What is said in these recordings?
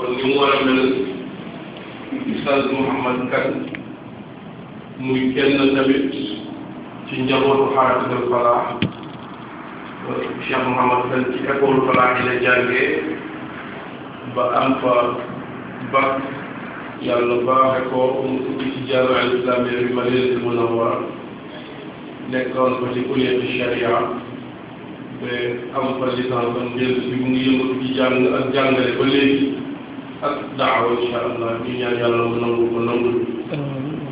kon ni mu war a mel ustaz Mouhamad Kane muy kenn tamit ci njabootu xaaratul falaax Cheikh Mouhamad Kane ci école falaax yi la ba am fa bac yàlla baaxe ko mu ubbi ci jaaru al islamiyya bi Madinatul Munawwara nekkoon fa ci kulliyatu sharia ba am fa licence ba njël bi mu ngi yëngatu ci jàng ak jàngale ba léegi ak daawa incha allah ñu ñaan yàlla mu nangu ko nangu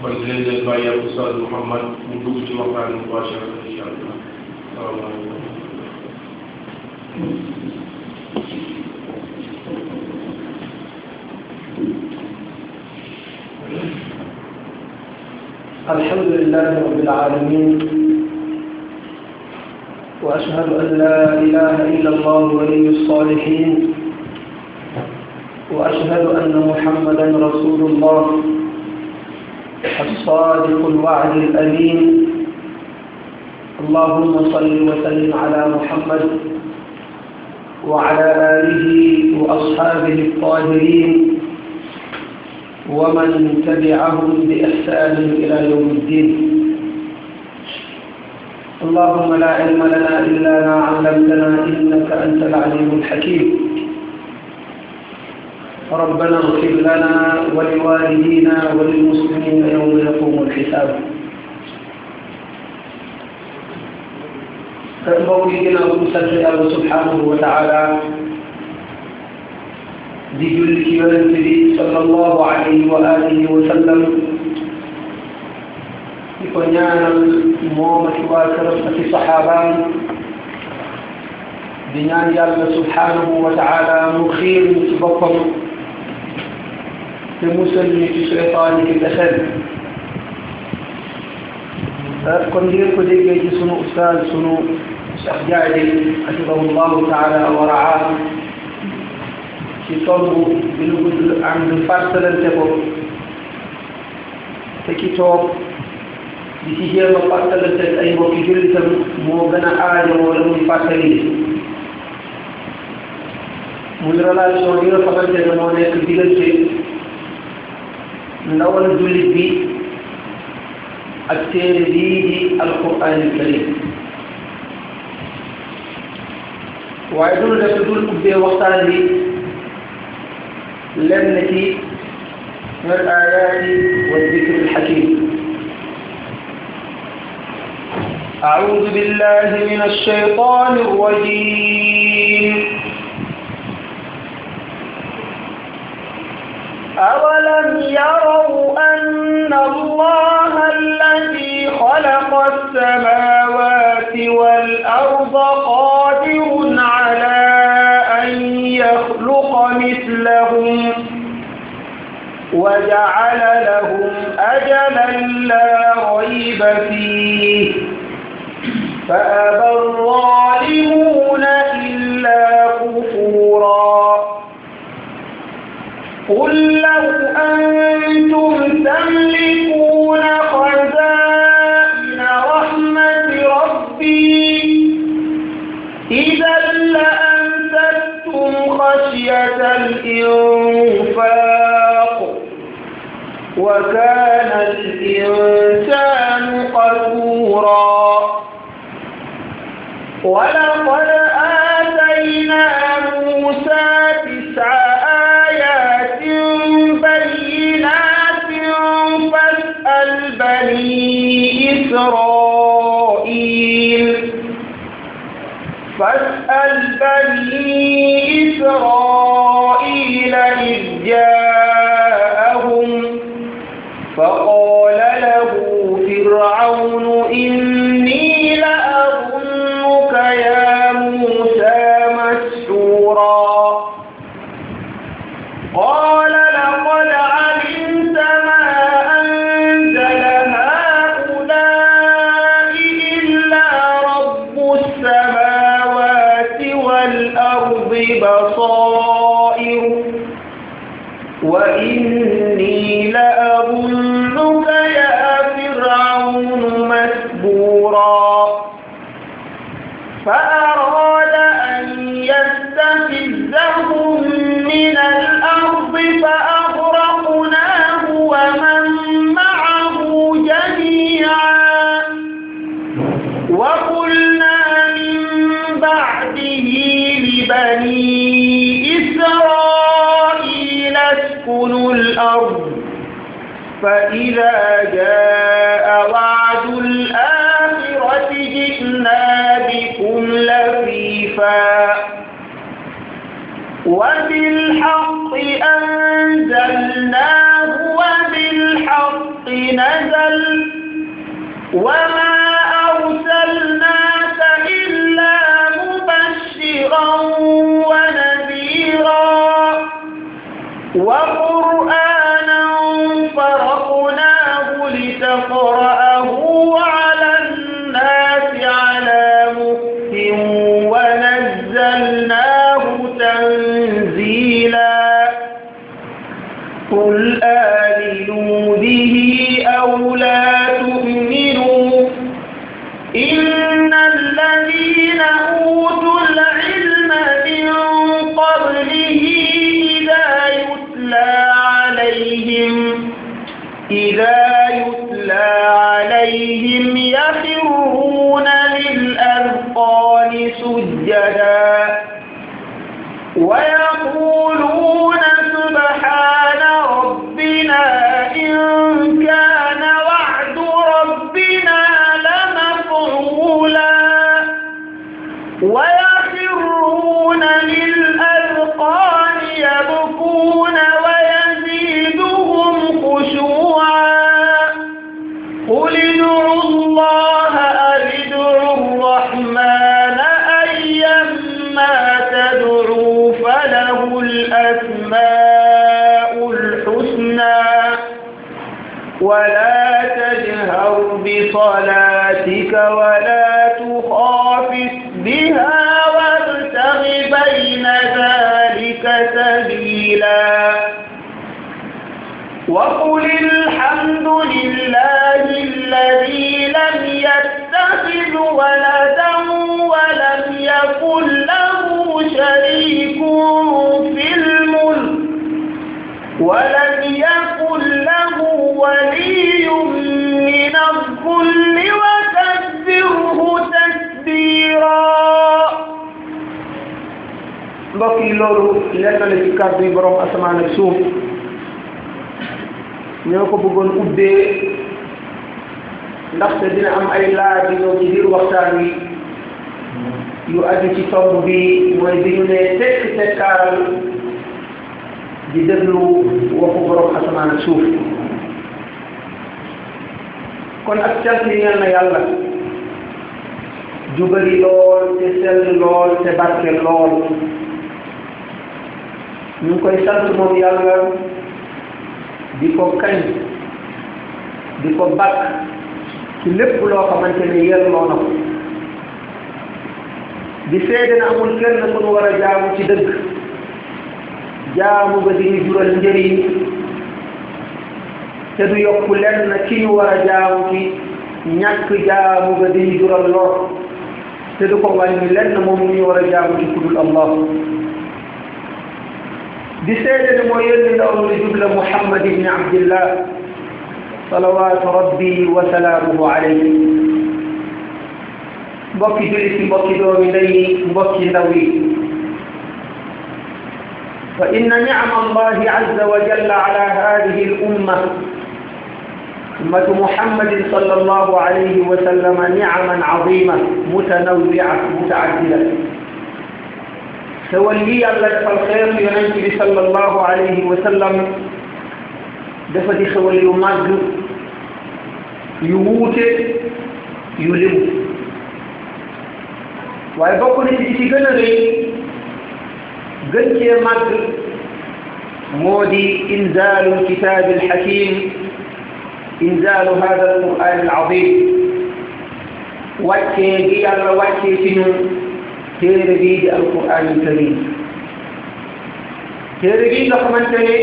kon di leen leen bàyyi ak Oustaz Mouhamed mu dugg ci waxtaan bi incha allah incha allah salaamaaleykum الحمد لله رب العالمين وأشهد أن لا إله إلا وأشهد أن محمدا رسول الله الصادق الوعد الأمين اللهم صل وسلم على محمد وعلى آله وأصحابه الطاهرين ومن تبعهم بإحسان إلى يوم الدين اللهم لا علم لنا إلا ما علمتنا إنك أنت العليم الحكيم ربنا اغفر لنا ولوالدينا وللمسلمين يوم يقوم الحساب كالمولدنا ومسلم الله سبحانه وتعالى بجلك والنبي صلى الله عليه وآله وسلم يقنعنا مومة وكرمة صحابان بنان الله سبحانه وتعالى مخير في بطنه te musal ñu ci seytaane ki pexeel kon ngeen ko déggee ci sunu ustaaz sunu Cheikh Diagne hafidahu llahu taala wa raa ci tomb bi lu gudd ànd fàttalante ko te ki toog di ci jéem a fàttalante ay mbokki jullitam moo gën a aajo wala muy fàttali muy relation yi nga xamante ne moo nekk diggante ndawal jullit bi ak téere bii di alquran alkarim waaye dul def dul ubbee waxtaan bi lenn ci min al ayaati wa dikr alxakim أعوذ بالله من الشيطان الرجيم أولم وجعل لهم أجلا لا ريب فيه فأبى الظالمون إلا كفورا قل لو أنتم تملكون خزائن رحمة ربي إذا لأمسكتم خشية الإنفاق وكان الإنسان قفورا ولقد آتينا موسى تسع آيات بينات فاسأل بني إسرائيل فاسأل بني إسرائيل إذ جاءوا فقال له فرعون إن فإذا جاء وعد الآخرة جئنا بكم لفيفا وبالحق أنزلناه وبالحق نزل وما صلاتك ولا تخافت بها وابتغ بين ذلك سبيلا وقل الحمد لله الذي لم يتخذ ولدا ولم يكن له شريك في الملك ولم يكن له ولي الكل وكبره تكبيرا mbokk yi loolu lenn la ci kàddu yi borom asamaan ak suuf ñoo ko bëggoon ubbee ndaxte dina am ay laaj yu ñëw ci biir waxtaan wi yu aju ci tomb bi mooy bi ñu ne tekk tekkaaral di déglu waxu borom asamaan ak suuf. kon ak cant yi ñeel na yàlla ju lool te sell lool te barke lool ñu koy sant moom yàlla di ko kañ di ko bàkk ci lépp loo xamante ne yelloo na ko di seede na amul kenn ku war a jaamu ci dëgg jaamu ba di ñu jural njëriñ te du yokku lenn ci ñu war a jaamu ci ñàkk jaamu nga day jural lor te du ko wàññi lenn moom mu ñu war a jaamu ci kudul allah di seede ne moo yónni ndaw li jubla muhammad ibni abdillah salawaatu rabbi wa salaamuhu alayhi mbokki jullit yi mbokki doomi ndey yi mbokki ndaw yi fa inna nicma allahi azza wa jalla ala hadihi al umma أمة محمد صلى الله عليه وسلم نعما عظيمة متنوعة متعددة توليا لك الخير ينجي صلى الله عليه وسلم دفتي خولي مجد يموت يلم waaye bokk na ci ci gën a rëy gën cee màgg moo di inzaalu kitaabil hakiim إنزال هذا القرآن العظيم واتي على واتي شنو تربيد القرآن الكريم تربيد خمنتني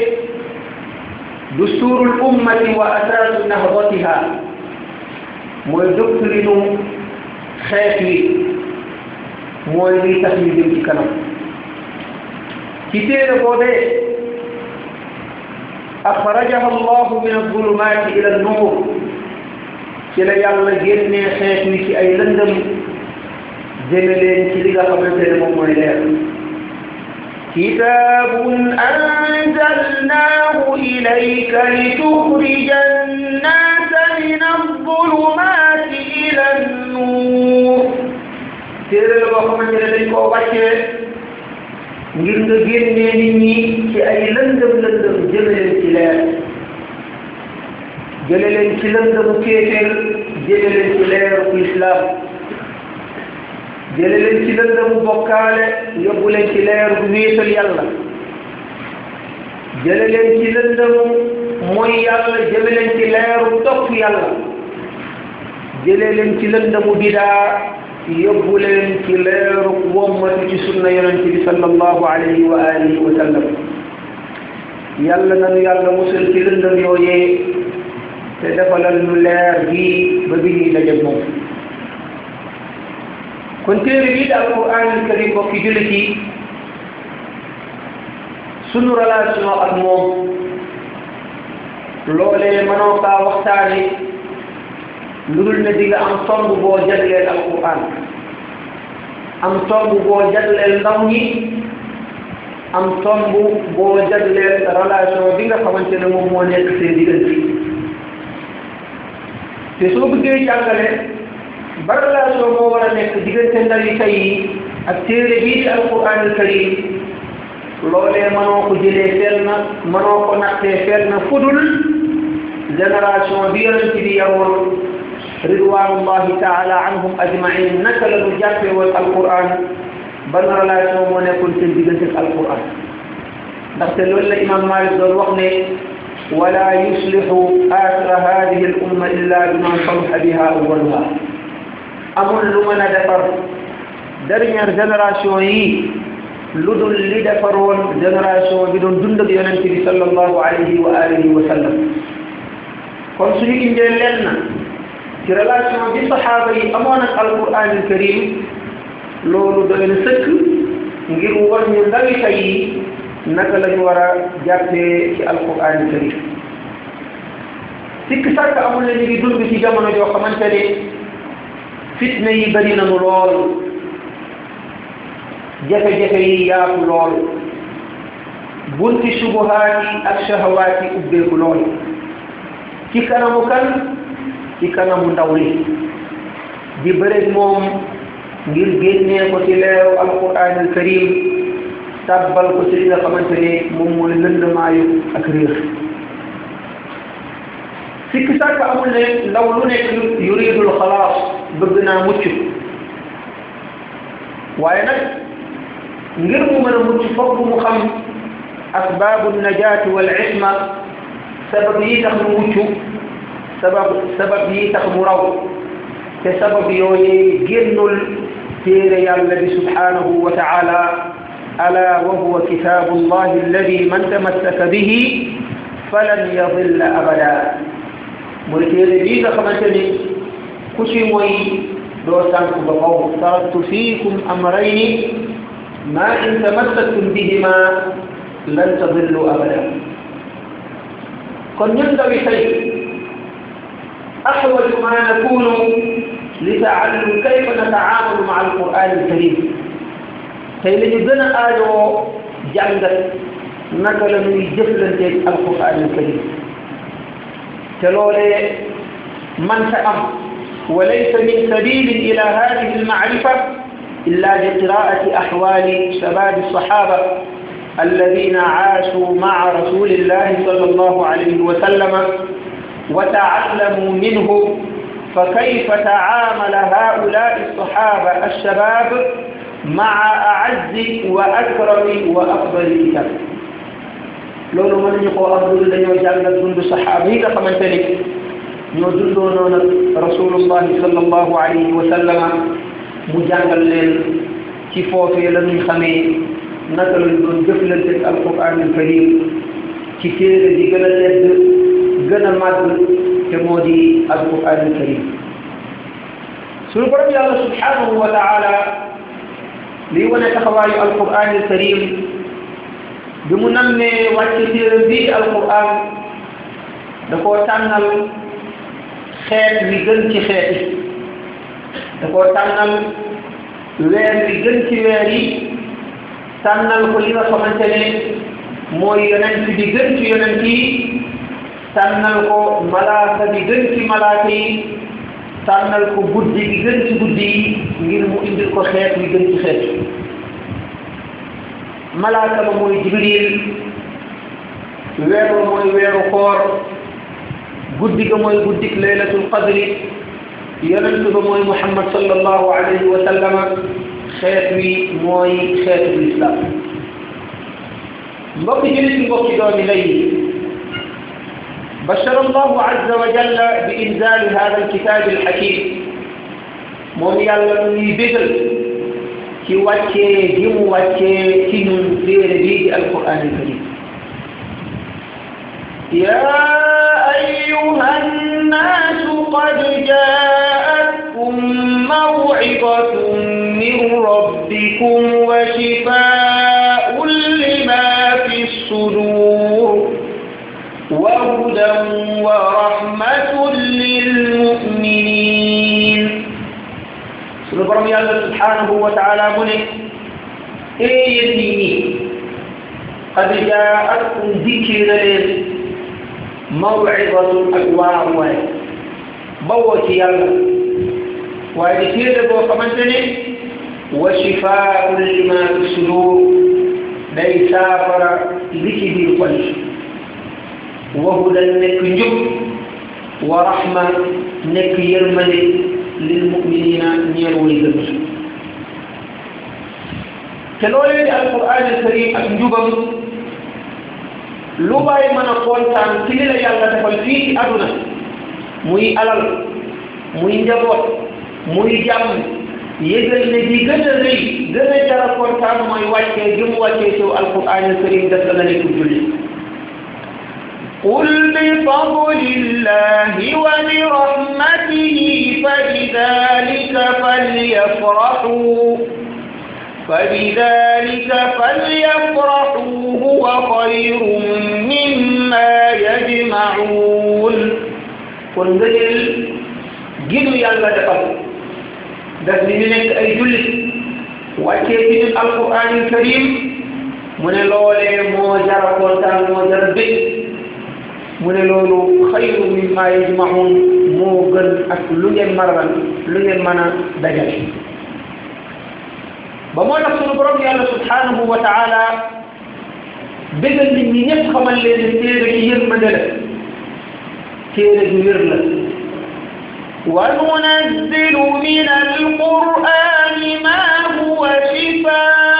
دستور الأمة وأساس نهضتها mooy doctrine xeet wi mooy liy tax ñu jëm ci kanam ci téere boo dee axrajaha allahu min azulumaati ila annuur ci la yàlla génnee xeet ni ci ay lëndëm jëme leen ci li nga xamante ne moom mooy leer kitaabun anzalnaahu ilayka lituxrija annaasa min azulumaati ila annuur téere la boo xamante ne dañ koo wàccee ngir nga génnee nit ñi ci ay lëndëm lëndëm jëme ci leer jële leen ci lëndëmu kéeféer jële leen ci leeru islam jële leen ci lëndëmu bokkaale yóbbu ci leer bu wéetal yàlla jële ci lëndëmu mooy yàlla jële ci leeru topp yàlla jële ci lëndëmu bidaa yóbbu leen ci leeru wommatu ci sunna yonent bi sallallahu alayhi wa alihi wa sallam yàlla nanu yàlla musal ci lëndam yooyee te defalal nu leer bii ba bi ñuy daje moom kon téere bii daal alquran karim bokki jullit yi sunu relation ak moom loolee mënoo kaa waxtaane lu dul ne di nga am tomb boo jagleel alquran am tomb boo jagleel ndaw ñi am tomb boo jagleel relation bi nga xamante ne moom moo nekk seen diggante te soo bëggee jàngale ba relation nekk diggante ndawi tey yi ak téere bii di alquran al karim loolee mënoo ko jëlee fenn mënoo fudul génération bi yonent bi yawoon ridwanullahi taala anhum ajmain naka la ñu jàppee woon alquran ban relation moo nekkoon seen diggante ak alquran ndaxte loolu la imam malik doon wax ne wala yuslihu axira hadihi al umma illa bima saluha biha awaluha amul lu mën a defar dernière génération yi lu dul li defar woon génération bi doon dund ak yonent bi sallallahu alayhi wa alihi wa sallam kon suñu indee leen na ci relation bi saxaaba yi amoon ak alquranil karim loolu doy na sëkk ngir wàññi ndawi tey yi naka lañu war a jàppee ci alquranil karim sikk sàkk amul ne ñu ngi dund ci jamono joo xamante ne fitna yi bari nañu lool jafe-jafe yi yaatu lool bunti subuhaat yi ak shahawaat yi ubbeeku lool ci kanamu kan ci kanamu ndaw li di bëreeg moom ngir génnee ko ci leeru alquran al karim tàbbal ko ci li nga xamante ne moom mooy lëndmaayu ak réer sikki sàkk amul ne ndaw lu nekk yuridul xalaas bëgg naa mucc waaye nag ngir mu mën a mucc fokk mu xam asbaabu najaati wal isma sabab yi tax mu mucc sabab sabab yi tax mu raw te sabab yooyee génnul téere yàlla bi subhanahu wa taala ala wa huwa kitaabu llahi alladi man tamassaka bihi falan yadilla abada mooy téere bii nga xamante ni ku ci mooy doo sànk ba faw taraktu fiikum amrayni ma in tamassaktum bihima lan tadillu abada kon ñun ndawi tey أحوج ما نكون لتعلم كيف نتعامل مع القرآن الكريم tey la ñu gën a aajoo jàngat naka la ñuy jëflanteeg alquraanul karim te loolee man ta am wa laysa min sabilin ila hadihi almaarifa illa bi qiraati ahwali shababi sahaba alladina aashu maa rasulillahi sallallahu alayhi wa sallama وتعلموا منه فكيف تعامل هؤلاء الصحابة الشباب مع أعز وأكرم وأفضل الكتاب loolu mën nañu koo am loolu dañoo jàngal dund saxaaba yi nga xamante ni ñoo dundoo noonu ak rasulullahi sallallahu alayhi wa sallama mu jàngal leen ci foofee la ñuy xamee naka lañ doon jëflante ak alquran al karim ci téere di gën a tedd gën a màgg te moo di alquran al karim suñu borom yàlla subhanahu wa taala liy wane taxawaayu alquran al karim bi mu nammee wàcce téere bii alquran da koo tànnal xeet wi gën ci xeet yi da koo tànnal weer wi gën ci weer yi tànnal ko li nga xamante ne mooy yonent bi gën ci yonent yi tànnal ko malaaka bi gën ci malaaka yi tànnal ko guddi gi gën ci guddi yi ngir mu indil ko xeet wi gën ci xeet malaaka ba mooy jibril weeru mooy weeru koor guddi ga mooy guddik laylatul qadri yonent ba mooy muhammad sallallahu alayhi wa sallama xeet wi mooy xeetu lislaam mbokk jullit mbokki doomi lay بشر الله عز وجل بإنزال هذا الكتاب الحكيم moom yàlla ñuy bégal ci wàccee gi mu wàccee ci ñun téere bii di alquran alkarim يا أيها الناس قد جاءتكم موعظة من ربكم وشفاء لما في الصدور وهدى ورحمة للمؤمنين Sunu borom yàlla subhanahu wa taala mu ne ee yéen nit ñi qad jaa'atkum dikki na leen maw'izatun ak waaru waaye bawoo ci yàlla waaye di téere boo xamante ne wa shifaa'un lima fi sudur day saafara li ci biir xol waxu dal nekk njub wa rahma nekk yërmande lil muminina ñeel way gëm te di alquran alkarim ak njubam lu bàyyi mën a kontaan ci li la yàlla defal fii ci aduna muy alal muy njaboot muy jàmm yëgal ne di gën a rëy gën a jara kontaan mooy wàccee jëm wàccee ci alquran alkarim def la nekk jullit قل بفضل الله وبرحمته فبذلك فليفرحوا فبذلك فليفرحوا هو خير مما يجمعون kon nga jël ginu yàlla defal daf ni ñu nekk ay jullit wàccee ci ñun alquranul karim mu ne loolee moo jar a kontaan moo jar a bëgg mu ne loolu xayru mimma yajmaun moo gën ak lu ngeen marran lu ngeen mën a dajale ba moo tax sunu borom yàlla subhanahu wa taala bégal nit ñi ñëpp xamal leen ne téere gi yërmande la téere gi wér la وننزل من القرآن ما هو شفاء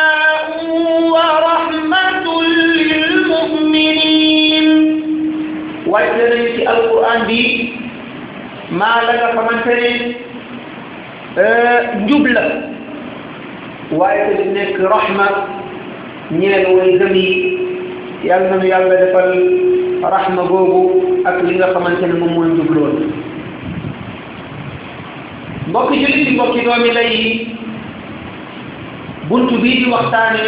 jàngale nañu ci alquran bi maa la nga xamante ne euh, njub la waaye te di nekk rahma ñeel way gëm yi yàlla nañu yàlla defal rahma boobu ak li nga xamante ne moom mooy njub lool mbokki jullit yi mbokki doomi lay buntu bii di waxtaane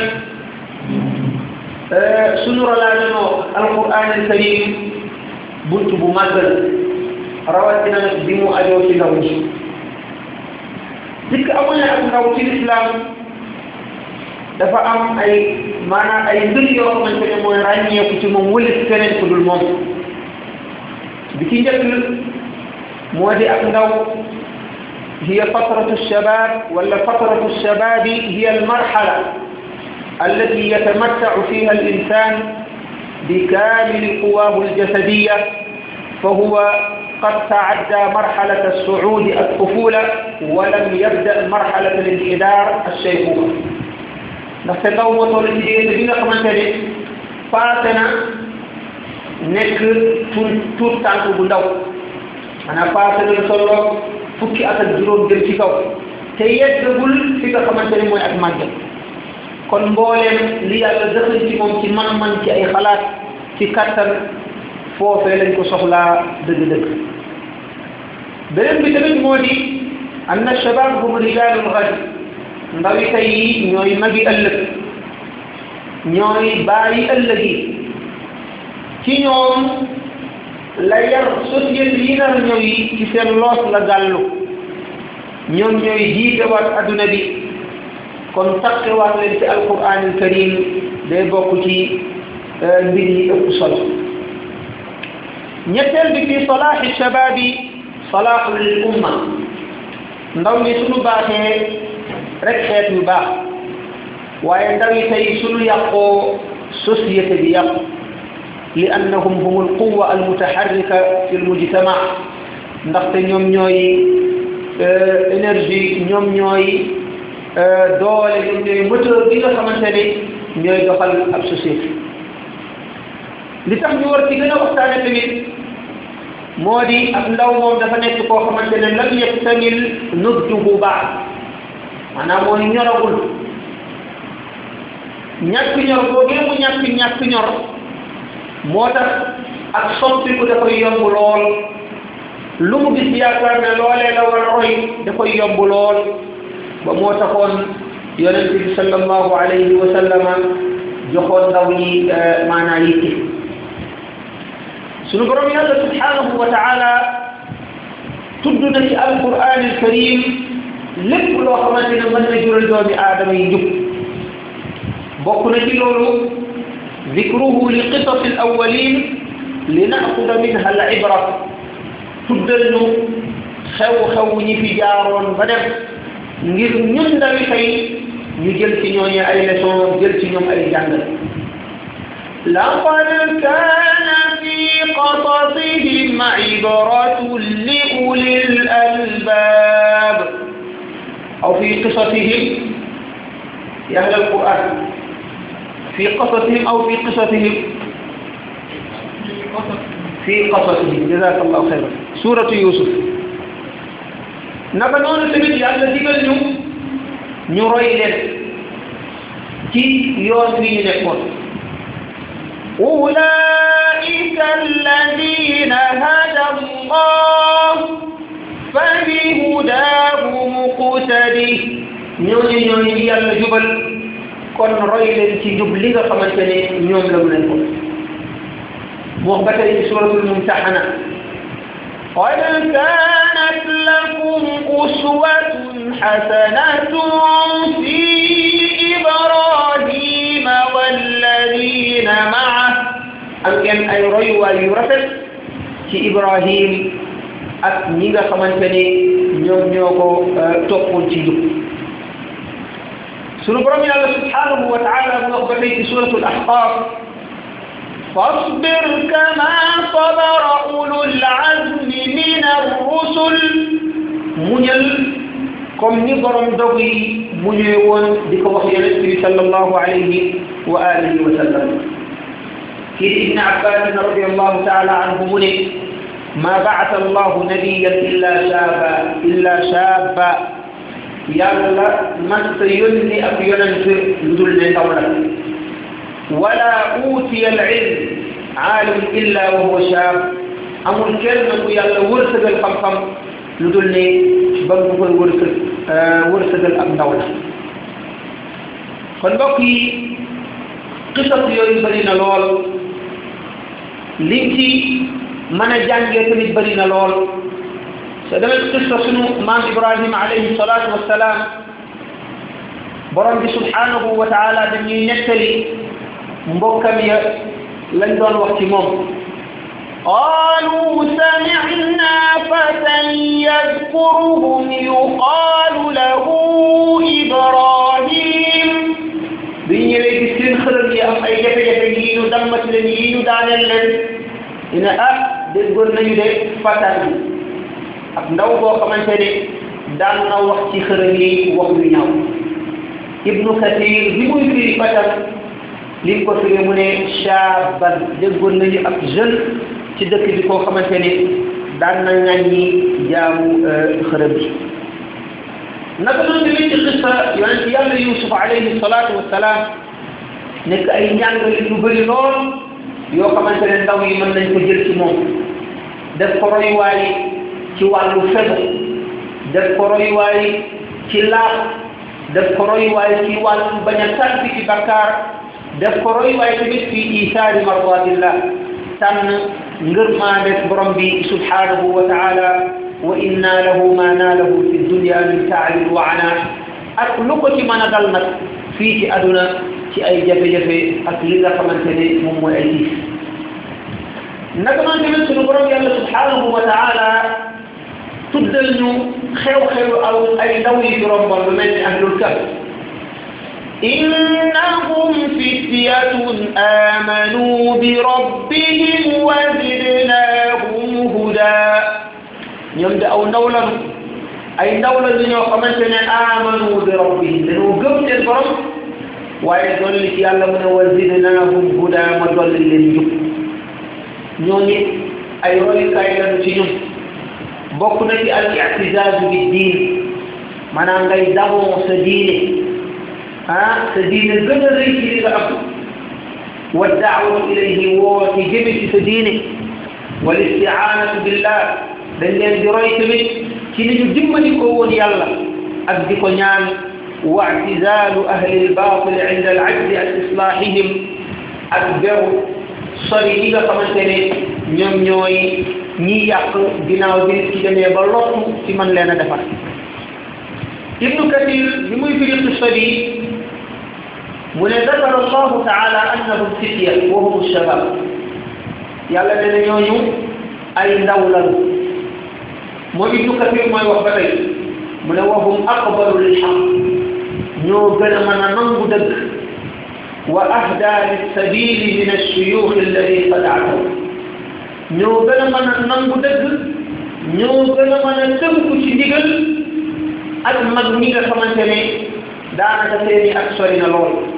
euh, sunu ralaanoo alquran al karim bunt bu màggal rawatina nag bi mu ajoo ci ndaw ñi dikk amul na ak ndaw ci lislaam dafa am ay maanaam ay mbir yoo xamante ne mooy ràññeeku ci moom wëlis keneen ku dul moom bi ci njëkk moo di ak ndaw hiya fatratu shabab wala fatratu shababi hiya almarhala allati yatamattau fiha al insan بكامل قواه الجسدية فهو قد تعدى مرحلة الصعود الطفولة ولم يبدأ مرحلة الانحدار الشيخوخة ndaxte ndaw moo toll ci diggante bi nga xamante ne paase na nekk tuut tuut tànk bu ndaw maanaam paase na lu tolloog fukki at ak juróom jëm ci kaw te yeggagul fi nga xamante ne mooy ak màgg kon mbooleem li yàlla dëxal ci moom ci man-man ci ay xalaat ci kàttan foofee lañ ko soxlaa dëgg bi tamit moo di anna shabaab hum rijaalul ghad ndawi tey yi ñooy magi ëllëg ñooy bàyyi ëllëg yi ci ñoom la yar société yi nar ñëw yi ci loos la gàllu ñoom ñooy jiite waat adduna bi kon taqewaat leen ci alquranil karim day bokk ci euh, mbir yi ëpp solo ñetteel bi fi salaaxi shababi salaaxu lil umma ndaw ñi suñu baaxee rek xeet yu baax waaye ndaw yi tey suñu yàqoo société bi yàqu li annahum hum alquwa almutaharrika fi almujtama ndaxte ñoom ñooy euh, énergie ñoom ñooy Euh, doole yi ñooy moteur bi nga xamante ni ñooy doxal ab société li tax ñu war ci gën a waxtaane tamit moo di ab ndaw moom dafa nekk koo xamante ne lam yegtamil nubtuhu baax maanaam mooy ñoragul ñàkk ñor mu ñàkk ñàkk ñor moo tax ak da koy yomb lool lu mu gis yaakaar ne loolee la roy da koy yomb ba moo taxoon yonent bi sallallahu alayhi wa sallama joxoon ndaw ñi eh, maanaa yitte sunu borom yàlla subhanahu wa taala tudd na ci alquran alkarim lépp loo xamante ne mën na jural doomi aadama yi jub bokk na ci loolu zikruhu li qisasi al awalin li naaxuda minha al ibra tuddal nu xew-xew ñi fi jaaroon ba def ngir ñun ndawi tey ñu jël ci ñooñu ay leçon jël ci ñoom ay jàngal لقد كان في قصصهم عبرة لأولي الألباب أو في قصصهم يا أهل القرآن في قصصهم أو في قصصهم في قصصهم جزاك الله خيرا سورة يوسف naka noonu tamit yàlla digal ñu ñu roy leen ci yoon wi ñu nekkoon أولئك الذين هدى الله فبهداه مقتده ñooñu ñooñu ñi yàlla jubal kon roy leen ci jub li nga xamante ne ñoom la mu leen ko wax ba tey ci suratul mumtahana قد كانت لكم أسوة حسنة في إبراهيم والذين معه am ngeen ay royuwaay yu rafet ci Ibrahim ak ñi nga xamante ni ñoom ñoo ko toppoon ci jub sunu borom yàlla subhanahu wa taala mu wax ba tey ci suratul ahqaaf فاصبر كما صبر أولو العزم من الرسل muñal comme ni borom dog yi muñee woon di ko wax yonent bi sallallahu alayhi wa alihi wa sallam kii di ibne abbasin radiallahu taala anhu mu ne ma baata allahu nabiyan illa shaaba illa shaaba yàlla mas ta yónni ab yonent lu dul ne ndaw la ولا أوتي العلم عالم إلا وهو شاب amul kenn ku yàlla wërsëgal xam-xam lu dul ne ba mu koy wërsëg wërsëgal ak ndaw la kon mbokk yi xisas yooyu bëri na lool liñ ci mën a jàngee tamit bëri na lool te damit xisa sunu maam ibrahima alayhi salaatu wassalaam borom bi subhanahu wa taala dañuy nettali mbokkam ya lañ doon wax ci moom qaalu samicna fatan yadkuruhum yuqaalu lahu ibrahim bi ñëwee gis seen xërëm yi am ay jafe-jafe yii ñu dammat leen yii ñu daaneel leen ñu ne ah déggoon nañu de fatan ak ndaw boo xamante ne daan na wax ci xërëm yi wax yu ñaaw ibnu kathir bi muy firi fatan li ko firee mu ne shaaban déggoon nañu ab jeune ci dëkk bi koo xamante ne daan na ñaññi jaamu euh, xërëb bi naka noonu bi leen ci xista yonent yàlla yusuf alayhi salaatu wasalaam nekk ay njàngale yu bëri lool yoo xamante ne ndaw yi mën nañ ko jël ci moom def ko royuwaay ci wàllu fegu def ko royuwaay ci laab def ko royuwaay ci wàllu bañ a tàbbi ci bakkaar def ko roy waaye tamit fi isaari mardatillah tànn ngërmaande borom bi subhanahu wa taala wa inna lahu ma naalahu fi dunya min taalib wa ana ak lu ko ci mën a dal nag fii ci aduna ci ay jafe-jafe ak li nga xamante ne moom mooy ay diis naka noonu tamit suñu borom yàlla subhanahu wa taala tuddal ñu xew-xew aw ay ndaw yi romboon lu mel ni ahlul kahf إنهم فتية آمنوا بربهم وزدناهم هدى ñoom de aw ndaw lañu ay ndaw lañu ñoo xamante ne amanu bi rabbihim dañoo gëm seen borom waaye dolli ci yàlla mu ne wa zidnaahum huda ma dolli leen jub ñoo ngi ay royukaay lañu ci ñun bokk na ci al i'tizaaz bi diin maanaam ngay daboo sa diine ah te diine gën a rëy ci li nga am wa daawatu ilayhi woo ci jëme ci sa diine wal istiaanatu billah dañ leen di roy tamit ci ni ñu dimbali ko woon yàlla ak di ko ñaan wa i'tizaalu ahli al-baatil inda al-'ajzi an islaahihim ak beru sori yi nga xamante ne ñoom ñooy ñiy yàq ginnaaw bi nit ki demee ba lottu ci mën leen a defar ibnu kathir bi muy firi qissa bi ne ذكر الله تعالى أنهم فتية وهم الشباب yàlla ne na ñooñu ay ndaw lañu moo it lu kafir mooy wax ba tey mu ne wahum aqbalu lil haqq ñoo gën a mën a nangu dëgg wa ahda lis sabili min ash-shuyukh alladi qad ataw ñoo gën a mën a nangu dëgg ñoo gën a mën a tënku ci ndigal ak mag ñi nga xamante ne daanaka seeni ak sori na lool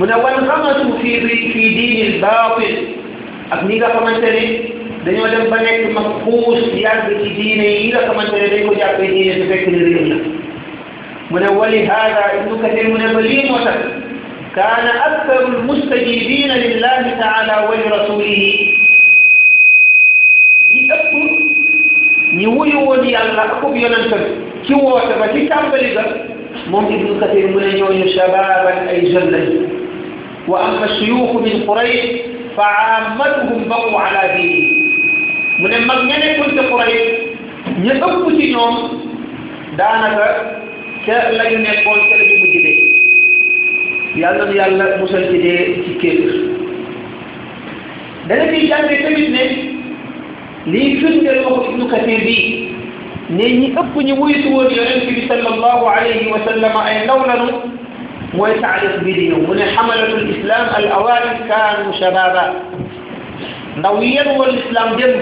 mu ne wal xamatu fii fii diinil baatil ak ñi nga xamante ne dañoo dem ba nekk mag xuus yàgg ci diine yi nga xamante ne dañ ko jàppee diine su fekk ne réew la mu ne wali haada ibnu kathir mu ne ba lii moo tax kaana aktaru lmustajibina lillahi taala wa li rasulihi ñi ëpp ñi wuyu woon yàlla akub yonent bi ci woote ba ci tàmbali ga moom ibnu kathir mu ne ñooñu shababan ay jeunes lañu وأما الشيوخ min Quraysh فعامتهم بقوا على diini mu ne mag ña nekkoon ca Quraysh ñu ëpp ci ñoom daanaka ca la ñu nekkoon ca la ñu mujj de yàlla na yàlla musal ci dee ci képp dana ciy jàngee tamit ne lii firndeel waxu Ibnu Kathir bi ne ñi ëpp ñu wuytu woon yonent bi sallallahu alayhi wa sallam ay ndaw lanu mooy taaliq bi di ñëw mu ne xamalatul islam al awali kaanu shababa ndaw yi yéen woon islam démb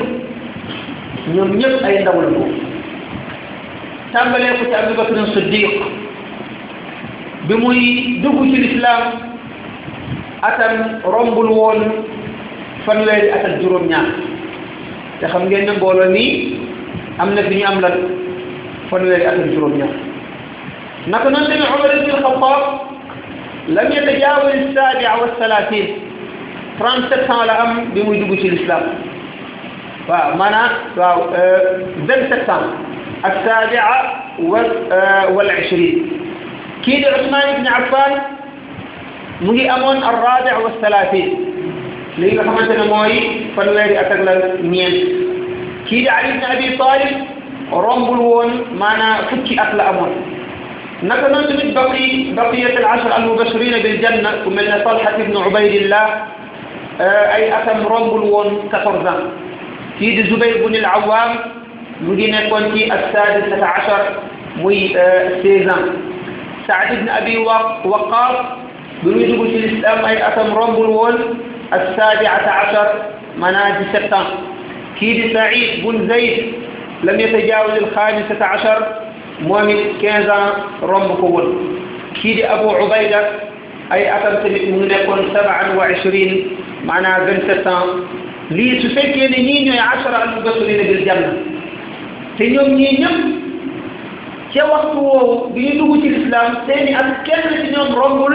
ñoom ñëpp ay ndaw la ñu tàmbalee ko ci abubakar siddiq bi muy dugg ci lislaam atam rombul woon fanweeri at ak juróom-ñaar te xam ngeen ne mbooloo nii am na fi ñu am lan fanweeri at ak juróom-ñaar naka noonu tamit Umar ibn Xattaab lam yatajawaz as-sabi'a wa as-salatin trente-sept ans la am bi muy dugg ci l'islam waaw maanaam waaw euh, vingt-sept ans as-sabi'a wal ishrin kii di Usman ibn Affan mu ngi amoon ar-rabi' wa as-salatin li nga xamante ne mooy fanweeri at ak la ñeent kii di Ali ibn Abi Talib rombul woon maanaam fukki at la amoon naka noonu tamit baqi baqiyatul ashar al mubashirina bil janna ku mel ne Talha ibn Ubaydillah euh, ay atam rombul woon quatorze ans kii di Zubayr bun al Awwam mu ngi nekkoon ci as-sadisata ashar muy euh, seize ans Saad ibn Abi Waqqas bi muy dugg ci l'islam ay atam rombul woon as-sabiata ashar maanaam dix-sept ans kii di Saïd bun Zayd lam yatajaawaz al-xaamisata ashar moom it 15 ans romb ko woon kii di Abu Ubayda ay atam tamit mu ngi nekkoon sabaan wa ishrin maanaam 27 ans lii su fekkee ne ñii ñooy ashara al mubashirina bil janna te ñoom ñii ñëpp ca waxtu woowu bi ñu dugg ci lislaam seeni ak kenn ci ñoom rombul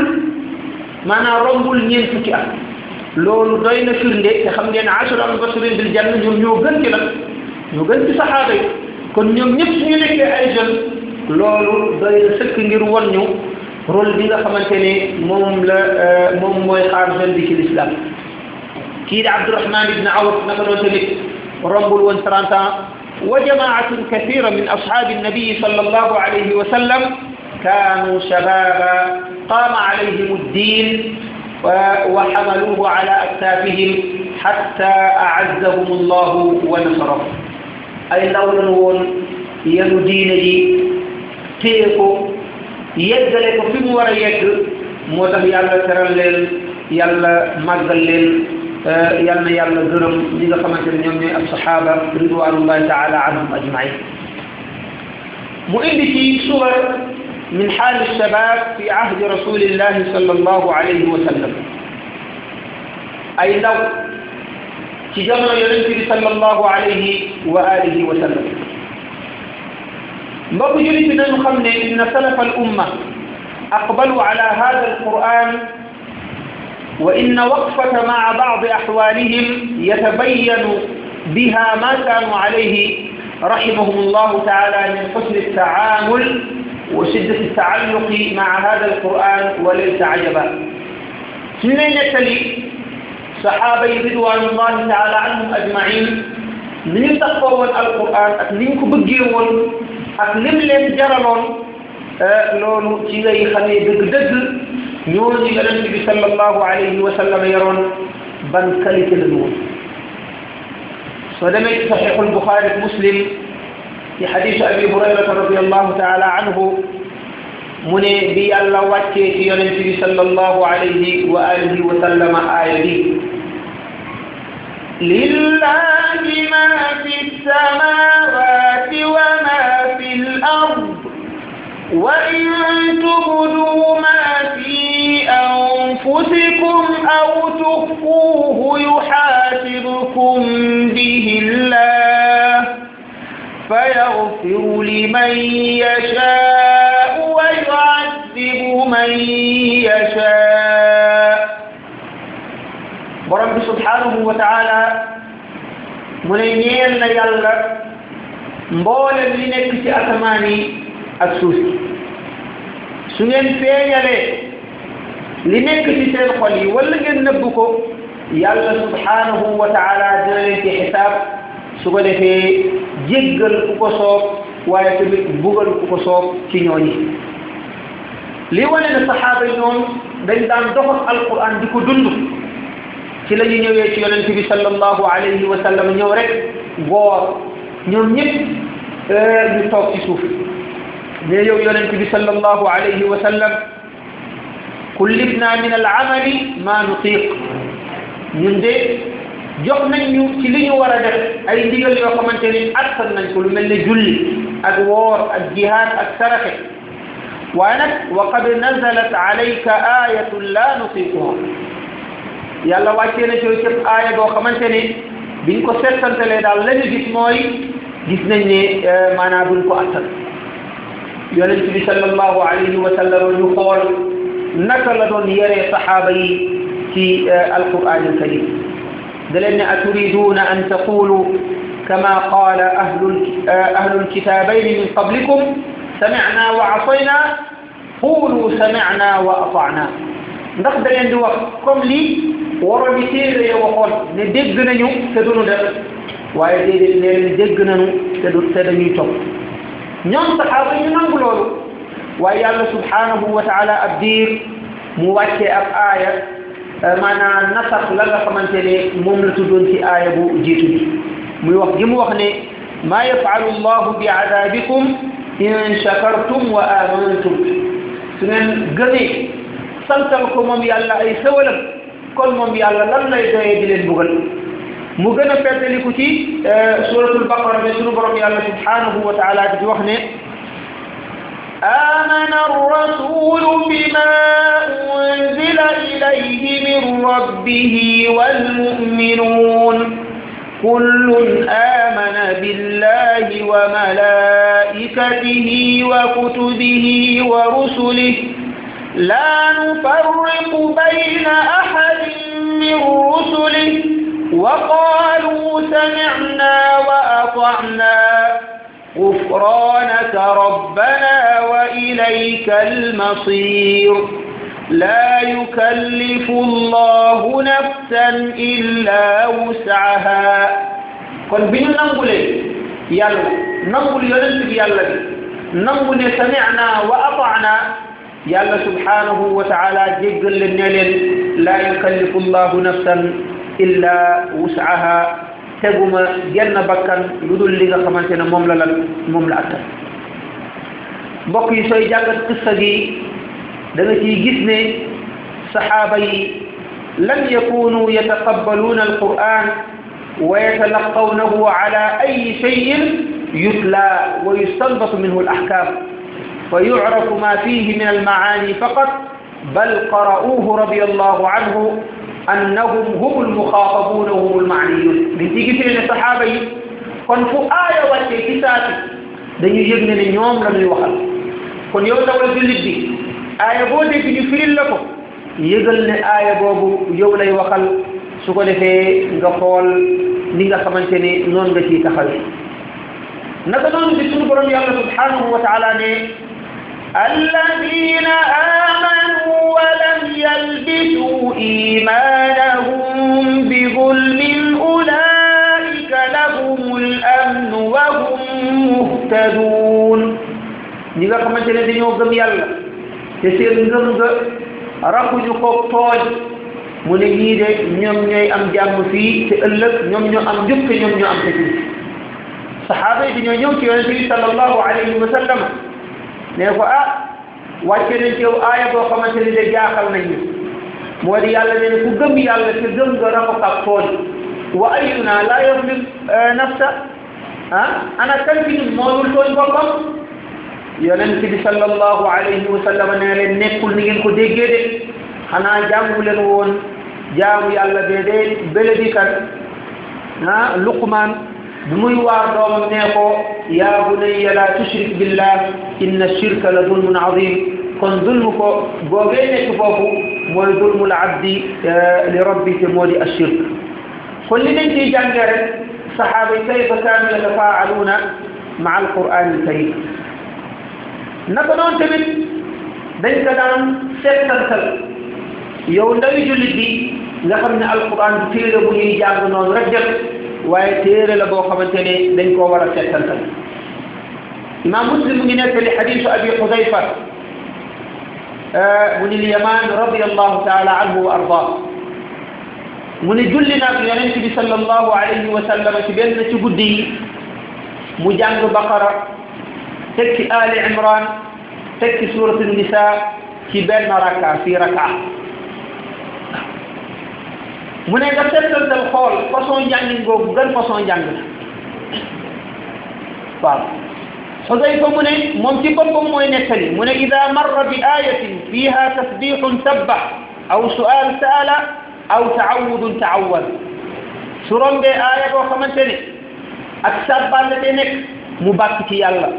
maanaam rombul ñeent fukki at loolu doy na firnde te xam ngeen ashara al mubashirin bil janna ñoom ñoo gën ci nag ñoo gën ci saxaaba yi kon ñoom ñëpp suñu nekkee ay jeunes loolu doy sëkk ngir won ñu rôle bi nga xamante ne moom la euh, moom mooy xaar jeune bi ci l'islam kii di Abdurahman ibn Awf naka noonu tamit rombul woon 30 ans wa jamaatun kathira min ashaabi nabii sallallahu alayhi wa sallam kaanu shabaaba qaama alayhim ad-diin wa hamaluuhu ala aktaafihim hatta a'azzahum allahu wa nasarahum ay ndaw lañu woon yenu diine ji téye ko yeggale ko fi mu war a yegg moo tax yàlla teral leen yàlla màggal leen eh, yàlla na yàlla gërëm ñi nga xamante ne ñoom ñooy ab saxaaba ridwanullahi taala anhum ajmain mu indi ci suwar min xaali shabab fi ahdi rasulillahi sallallahu alayhi wa sallam ay ndaw ci jamono yonent bi sallallahu alayhi wa alihi wa sallam mbokk jullit yi dañu xam ne inna salaf al umma aqbalu ala hada al quran wa inna waqfata maa ba'di ahwalihim yatabayyanu biha ma kanu alayhi رحمهم الله تعالى من حسن التعامل وشدة التعلق مع هذا القرآن وليس عجبا سنين يتلي saxaaba yi ridwanullahi taala anhum ajmain ni ñu taxoo woon alquran ak ni ñu ko bëggee woon ak lim leen jaraloon eh, loolu ci lay xamee dëgg-dëgg ñooñu yonent bi sallallahu alayhi wa sallam yaroon ban qualité la ñu woon soo demee ci saxiixul buxaari ak muslim ci xadiisu abi hurayrata radiallahu taala anhu mu ne bi yàlla wàccee ci yonent bi sallallahu alayhi wa alihi wa sallama aaya bi lillahi ma fi samawati wa ma fi l ard wa in tubdu ma fi anfusikum aw tuxfuuhu yuxaasibukum bihi llah fayaghfiru liman yashaa من يشاء borom bi subhanahu wa taala mu ne ñeel na yàlla mboolem li nekk ci asamaan yi ak suuf si su ngeen feeñalee li nekk ci seen xol yi wala ngeen nëbb ko yàlla subhanahu wa taala dina leen ci xisaab su ko defee jéggal ku ko soob waaye tamit bugal ku ko soob ci ñooñi lii wane ne saxaaba yi ñoom dañ daan doxal alquran di ko dund ci la ñu ñëwee ci yonent bi sallallahu alayhi wa sallam ñëw rek góor ñoom ñëpp euh, ñu toog ci suuf ne yow yonent bi sallallahu alayhi wa sallam kullibna min al amali ma nutiq ñun de jox nañ ñu ci li ñu war a def ay ndigal yoo xamante ni attan nañ ko lu mel ne julli ak woor ak jihaad ak saraxe waaye nag wa qad nazalat alayka ayatun la nusiquha yàlla wàccee na cooy cëpp aaya boo xamante ne biñ ko settantalee daal la ñu gis mooy gis nañ ne euh, maanaam duñ ko attan yonent bi sallallahu alayhi wa sallam ñu xool naka la doon yaree saxaaba yi ci euh, alquran alkarim da leen ne aturiduuna an taqulu kama qaala ahlu euh, ahlulkitaabayni min qablikum sami'na wa asayna qulu sami'na wa ata'na ndax da ngeen di wax comme li waroon di téere ya waxoon ne dégg nañu te duñu def waaye déedéet leen dégg nañu te du te dañuy topp ñoom saxaaba ñu nangu loolu waaye yàlla subhanahu wa taala ab diir mu wàccee ab aaya euh, maanaam nasax la nga xamante ne moom la tuddoon ci aaya bu jiitu bi muy wax gi mu wax ne maa yafalu llahu bi aadabikum in shakartum wa amantum su ngeen gëmee santal ko moom yàlla ay sewalam kon moom yàlla lan lay doyee di leen bugal mu gën a fettaliku ci eh, suratul baqara bi sunu borom yàlla subhanahu wa taala di wax ne آمن الرسول بما أنزل إليه من ربه والمؤمنون كل آمن بالله وملائكته وكتبه ورسله لا نفرق بين أحد من رسله وقالوا سمعنا وأطعنا غفرانك ربنا وإليك المصير لا يكلف الله نفسا إلا وسعها kon bi ñu nangulee yàlla nangul yonent bi yàlla bi nangu ne sami'na wa ata'na yàlla subhanahu wa ta'ala jéggal leen ne leen laa yukallifu llahu nafsan illa wus'aha teguma genn bakkan lu dul li nga xamante ne moom la lan moom la attan mbokk yi sooy jàngat qissa gi dana ciy gis ne saxaaba yi lam yakunu yataqabbaluuna alquran wa yatalaqawnahu ala ayi cheyin yutla wa yustanbatu minhu alaxkam fa yucrafu ma fihi min almacaani faqat bal qara'uuhu radia allahu anhu annahum hum almuxaatabuuna hum almaaniyun dañ ciy gis ne saxaaba yi kon fu aaya wàccee ci saati dañuy yëg ne ne ñoom la ñuy waxal kon yow dawla jullit bi aaya boo dégg ñu firil la ko yëgal ne aaya boobu yow lay waxal su ko defee nga xool ni nga xamante ne noonu nga ciy taxawee naka noonu di suñu borom yàlla subhanahu wa taala ne alladina amanu wa lam yalbisu imanahum bi zulmin ulaika lahum al amnu wa hum muhtadun ñi nga xamante ne dañoo gëm yàlla te seen ngëm ga raxuñu ko tooñ mu ne ñii de ñoom ñooy am jàmm fii te ëllëg ñoom ñoo am njub te ñoom ñoo am tëj saxaaba yi dañoo ñëw ci yonente bi sallallahu alayhi wa sallam ne ko ah wàcce nañ ci yow aaya boo xamante ni de jaaxal nañu moo di yàlla ne ku gëm yàlla te gëm nga raxu ak tooñ wa ayuna laa yuzlim eh, nafsa ah ana kan fi ñun moomul tooñ yonent bi sallallahu alayhi wa sallam nee leen nekkul ni ngeen ko déggee de xanaa jàngu leen woon jaamu yàlla bee dee bële bi kat ah luqmaan bu muy waar doomam nee ko yaa bunayya laa tushrik billah inna shirka la zulmun azim kon zulmu ko googee nekk foofu mooy zulmul abdi eh, li rabbi te moo di ashirk kon li nañ ciy jàngee rek saxaaba yi kayfa kaanu yatafaaluuna maa alquran alkarim naka noonu tamit dañ ko daan seetantal yow ndawi jullit bi nga xam ne alquran bu téere bu ñuy jàng noonu rek jël waaye téere la boo xamante ne dañ koo war a seetantal imam muslim mu ngi nettali hadisu abi xudayfa euh, mu ni lyaman radi allahu taala anhu wa ardah mu ni julli naak yonent bi sallallahu alayhi wa sallam ci benn ci guddi yi mu jàng baqara teg ci Ali Imran teg ci suuratu Nisaa ci benn raka fii raka mu ne nga seetlantal xool façon njàngin googu gën façon njàng la waaw Xudayfa mu ne moom ci boppam mooy nettali mu ne ida marra bi ayatin fiha tasbixun sabbax aw sual saala aw taawudun taawad su rombee aaya boo xamante ne ak sabbal la te nekk mu bàkk ci yàlla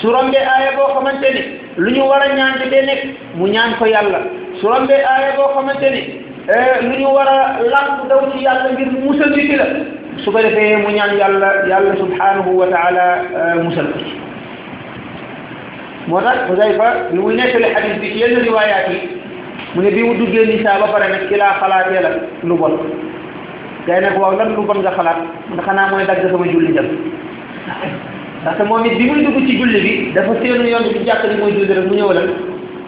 su rombee aaya boo xamante ni lu ñu war a ñaan di nekk mu ñaan ko yàlla su rombee aaya boo xamante ni eh, lu ñu war a lànk daw ci yàlla ngir musal bi ci la su ko defee mu ñaan yàlla yàlla subhanahu wa taala eh, musal ko ci moo tax Xuzayfa lu muy nettali xadis bi ci yenn riwaayaat yi mu ne bi mu duggee ni saa ba pare nag ci laa xalaatee la lu bon gay nag waaw lan lu bon nga xalaat nga xanaa mooy dagg sama julli ndaxte moom it bi muy dugg ci julli bi dafa seenu yoon bi ci jàkk li muy julli rek mu ñëw la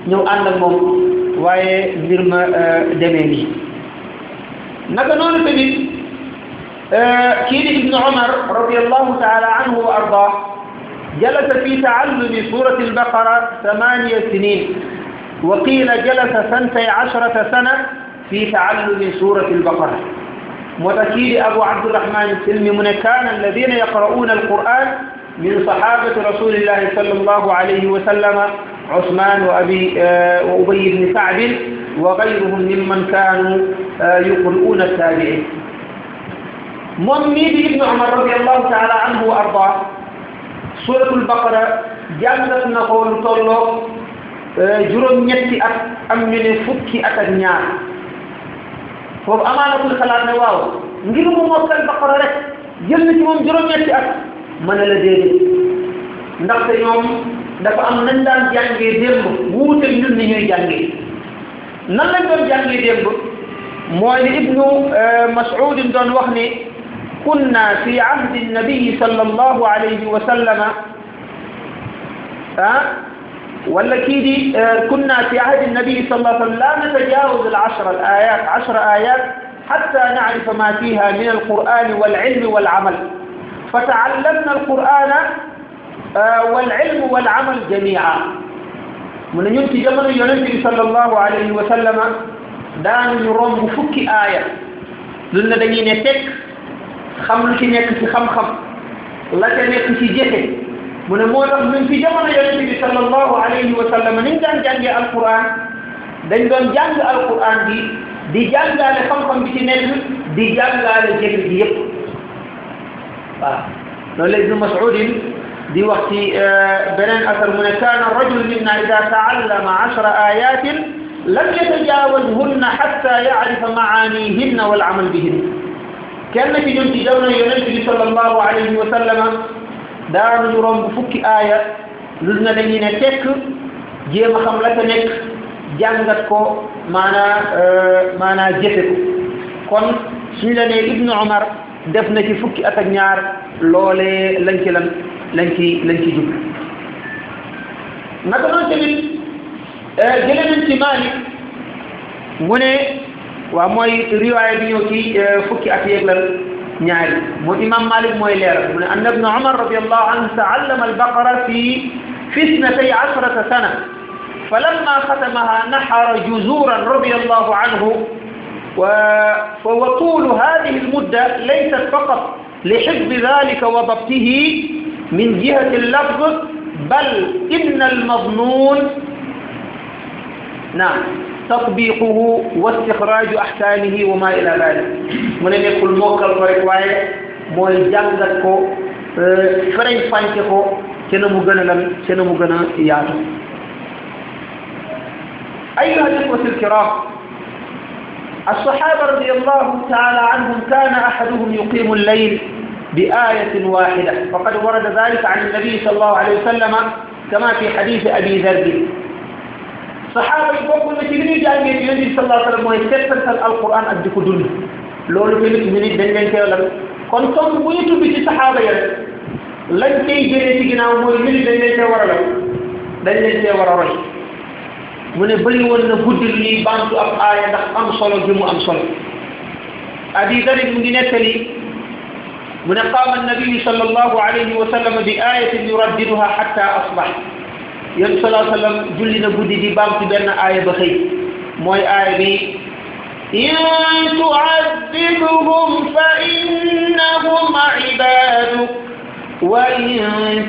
ñëw ànd ak moom waaye mbir ma euh, demee nii naka noonu tamit euh, kii di ibnu omar radiallahu taala anhu wa ardah jalasa fi taallumi surati albaqara samaniya sinin wa qiila jalasa santay ashrata sana fi taallumi surati albaqara moo tax kii di abu abdurahman silmi mu ne kaana alladina yaqra'uuna alquran من صحابة رسول الله صلى الله عليه وسلم عثمان وأبي وأبي بن كعب وغيرهم ممن كانوا يقرؤون التابعين moom mii di ibnu Umar radiyallahu taala anhu wa arda suratul baqara jàngat na ko lu tolloo uh, juróom-ñetti at am ñu ne fukki at ak ñaar foofu amaana kuy xalaat ne waaw ngir mu mokkal baqara rek jël na ci moom juróom-ñetti at mën a la déedéet ndaxte ñoom dafa am nañ daan jàngee démb wuute ñun ni ñuy jàngee nan lañ doon jàngee démb mooy li ibnu euh, mas'ud doon wax ni kunna fi ahdi nabiyi sallallahu alayhi wa sallama ah wala kii di euh, kunna fi ahdi nabiyi sallallahu alayhi wa sallam la natajaawaz al ashra al ayat ashra ayat hatta na'rifa ma fiha min al qur'ani wal ilmi wal amal fata'allamna alqur'ana wal ilmu wal amal jami'an mu ne ñun ci jamono yonent bi sallallahu alayhi wa sallama daanuñu romb fukki aaya luñ la dañuy ne tekk xam lu ci nekk ci xam-xam la ca nekk ci jëfe mu ne moo tax ñun ci jamono yonent bi sallallahu alayhi wa sallama niñ daan jàngee alquran dañ doon jàng alquran bi di jàngaale xam-xam bi ci nekk di jàngaale jëfe bi yépp voilà loolu la Ibnu Mas'ud di wax ci euh, beneen asar mu ne kaana rajul minna ida taallama ashra ayatin lam yatajawazhunna hatta ya'rifa maanihinna wal amal bihin kenn ci ñun ci jamono yonent bi sallallahu alayhi wa sallama daanañu romb fukki aaya lu na dañuy ne tekk jéem a xam la ca nekk jàngat ko maanaa euh, maanaa jëfe ko kon suñu la ne Ibnu Umar def na ci fukki at ak ñaar loolee lañ ci lan lañ ci lañ ci jub naka noonu tamit eh, jële nañ ci Maalik mu ne waaw mooy riwaaya bi ñëw ci eh, fukki at yeeg lan ñaari mu imam Maalik mooy leeral mu ne anna ibnu Umar radiyallahu anhu ta'allama al-baqara fi fi ithnatay ashrata sana falamma khatamaha nahara juzuran radiyallahu anhu وطول هذه المدة ليست فقط لحفظ ذلك وضبطه من جهة اللفظ بل إن المظنون نعم تطبيقه واستخراج أحكامه وما إلى ذلك من أن يقول موكل فريقواي موي جانغات كو فرنج فانتي كو سينا مو غنا لام سينا مو غنا ياتو أيها الإخوة الكرام الصحابة رضي الله تعالى عنهم كان أحدهم يقيم الليل بآية واحدة وقد ورد ذلك عن النبي صلى الله عليه وسلم كما في حديث أبي ذر saxaaba yi bokkul na ci li ñuy jàngee yonent bi sallallahu alayhi wasallam mooy settantal alquran ak di ko dund loolu tamit ñu nit dañ leen koy lan kon tomb bu ñu tudd ci saxaaba ya rek lañ koy jëlee ci ginnaaw mooy ñu nit dañ leen koy war a lan dañ leen koy war a roy mu ne bëri woon na guddil ñuy bantu ab aaya ndax am solo bi mu am solo abi darin mu ngi nettali mu ne qaama annabiyu sal allahu alayhi wa sallam bi ayatin yuraddiduha hatta asbax yon salaa sallam julli na guddi di bantu benn aaya ba xëy mooy aaya bi in tu'adibhum fa innahum ibaduk وإن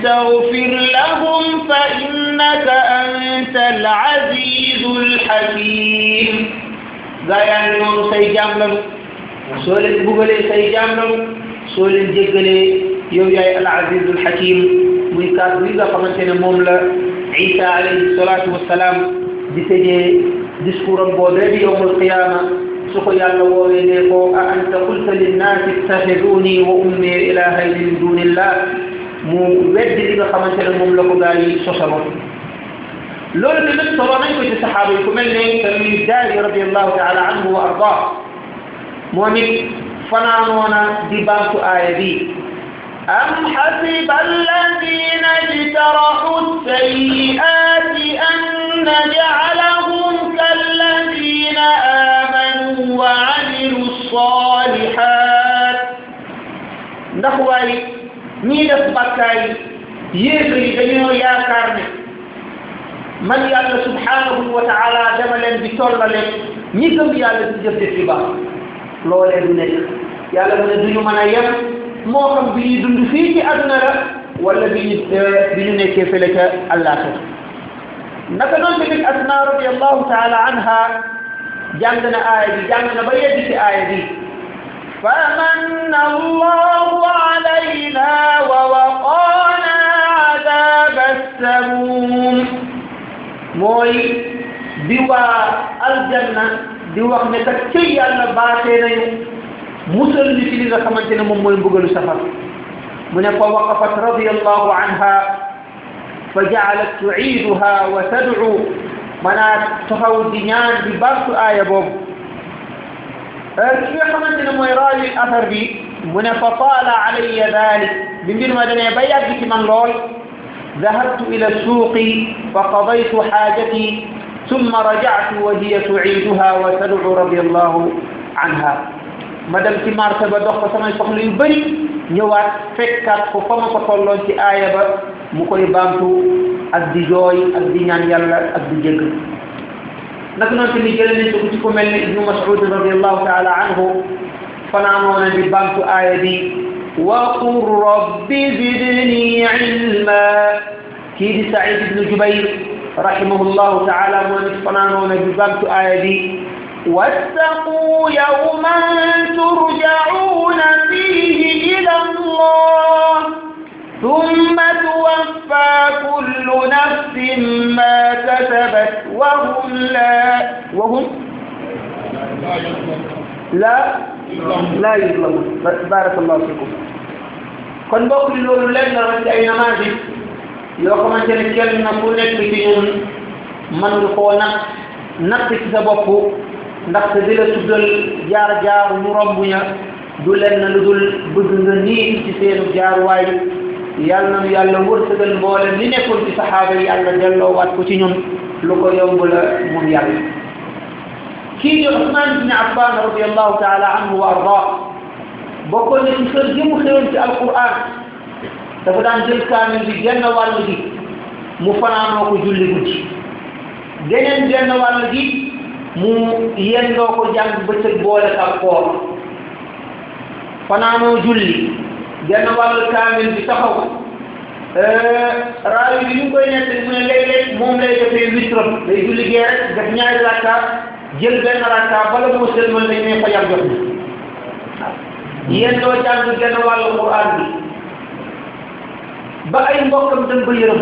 تغفر لهم فإنك أنت العزيز الحكيم gaayaa ne moom say jaam lañu soo leen bugalee say jaam lañu soo leen jéggalee yow yaay al azizul hakim muy kaat bi nga xamante ne moom la Isa alayhi salaatu wa salaam di tëjee discours am boobee bi yowmul qiyaama su ko yàlla woowee ne ko a anta qulta linnaasi ittaxiduuni wa ummi ilaahay min duunillah mu weddi li nga xamante ne moom la ko gaa yi sosaloon loolu tamit solo nañ ko ci saxaaba yi ku mel ne tamit daari radiallahu taala anhu wa ardaa moom it fanaanoona di baatu aaya bi أم حسب الذين اجترحوا السيئات أن نجعلهم كالذين وعملوا الصالحات ndax waaye ñii def bakkaay yéefar yi dañoo yaakaar ne man yàlla subhanahu wa taala dama leen di tollale ñi gëm yàlla di jëf jëf yu baax loolee du nekk yàlla mu ne duñu mën a yem moo xam bi ñuy dund fii ci àdduna la wala bi ñu bi ñu nekkee fële ca àllaaxira naka noonu tamit asma radiallahu taala anha jàng na aaya bi jàng na ba yegg ci aaya bi فمن الله علينا ووقانا عذاب السموم mooy bi waa aljanna di wax ne kat ci yàlla baatee nañu musal ni ci li nga xamante ne moom mooy mbugalu safar mu ne fa waqafat radiyallahu anha fa ja'alat tu'iiduha wa tad'u maanaam taxaw di ñaan di baaxtu aaya boobu eh, ki nga xamante ne mooy raawi asar bi mu ne fa taala alayya dalik bi mbir ma demee ba yàgg ci man lool dahabtu ila suuqi fa qadaytu xaajati summa rajactu wa hiya tuciiduha wa tadcu radiallahu anha ma dem ci marché ba dox ko samay soxla yu bëri ñëwaat fekkaat ko fa ma ko tolloon ci aaya ba mu koy baamtu ak di jooy ak di ñaan yàlla ak di jégg naka noonu tamit jëlee nañ ko ci ku mel ne ibnu mas'ud radiyallahu taala anhu fanaanoo na di baamtu aaya bi wa qul rabbi zidni ilma kii di saïd ibnu jubayr rahimahullahu taala moo nit fanaanoo na di baamtu aaya bi واتقوا يوما ترجعون فيه إلى الله ثم توفى كل نفس ما كسبت وهم لا وهم لا لا يظلمون بارك الله فيكم kon mbokk yi loolu lenn la ci ay namage yi yoo xamante ne kenn na ku nekk ci ñun mënul koo natt natt ci sa bopp ndax di la tuddal jaar-jaar ñu romb ña du lenn lu dul bëgg nga nii ci seenu jaaruwaay yal na yàlla wërsëgal mboolem li nekkoon ci saxaaba yi yàlla delloowaat ko ci ñun lu ko yomb la moom yàlla kii di Usmaan ibn Affan radiyallahu taala anhu wa arda bokkoon na ci xër mu xëyoon ci alquran dafa daan jël kaamil bi genn wàll mu fanaanoo ko julli guddi geneen genn wàll mu yendoo ko jàng bëccëg boole ak koor julli genn wàllu kaamil bi taxaw euh, raawi bi ñu koy nekk mu ne léeg moom lay defee witre day julli gee rek def ñaari rakka jël benn rakka bala moo sëlmal lañ ne fajar jot na yéen doo jàng genn wàllu Qur'an bi ba ay mbokkam dem ba yërëm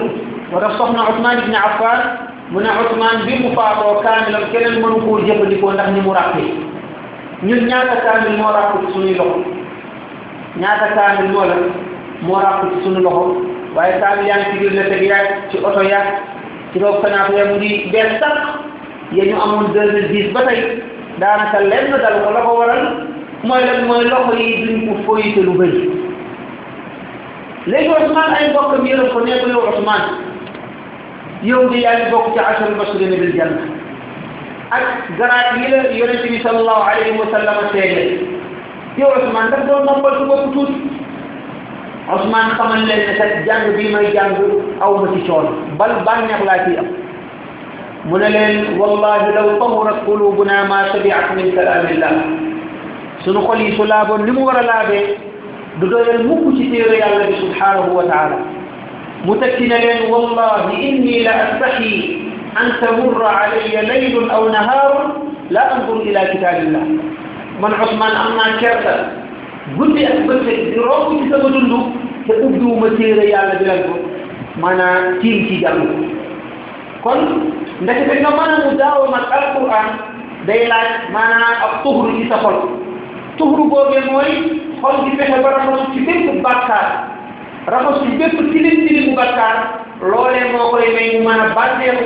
moo tax soxna Ousmane ibn Affan mu ne Ousmane bi mu faatoo kaamilam keneen mënu koo jëfandikoo ndax ni mu ràppee ñun ñaata kaamil moo ràpp ci suñuy loxo ñaata kaamil moo la moo ràpp ci waaye kaamil yaa ngi ci biir na teg ci oto yaag ci kaw kanaaf ya mu ngi bees sax ñu amoon deux mille ba tey daanaka lenn dal ko la ko waral mooy lan mooy loxo yi duñ ko foyite lu bëri léegi Ousmane ay mbokkam yërëm garaat yi la yonente bi sallallahu alayhi wa sallam yow Ousmane daf doon nombal su bopp tuuti Ousmane xamal leen ne kat jàng bii may jàng aw ma ci coono bal bànneex laa ciy am mu ne leen wallahi law tahurat qulubuna ma tabiat min kalaamillah sunu xol yi su laaboon ni mu war a laabee du doyal mukk ci téere yàlla bi subhanahu wa taala mu tekki ne leen wallahi inni la astaxi an tamurra alayya laylun aw nahaarun la anzur ila kitabillah man Ousmane am naa kersa guddi ak bëccëg di romb ci sama dund te ubbiwuma téere yàlla bi ko maanaam tiim ci jàmm kon ndekete nga mën a mu daaw mag alquran day laaj maanaam ak tuxru ci sa xol tuxru mooy xol di fexe ba raxasu ci bépp bàkkaar raxasu ci bépp tilim tilim bu bàkkaar loolee moo koy may mu mën a bànneexu